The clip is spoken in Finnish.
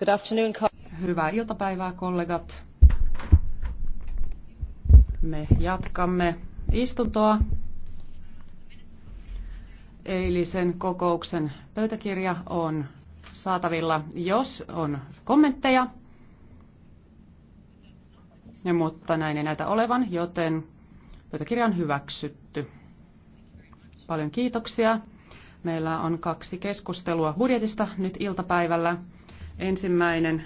Good afternoon. Hyvää iltapäivää, kollegat. Me jatkamme istuntoa. Eilisen kokouksen pöytäkirja on saatavilla, jos on kommentteja. Ja, mutta näin ei näytä olevan, joten pöytäkirja on hyväksytty. Paljon kiitoksia. Meillä on kaksi keskustelua budjetista nyt iltapäivällä. Ensimmäinen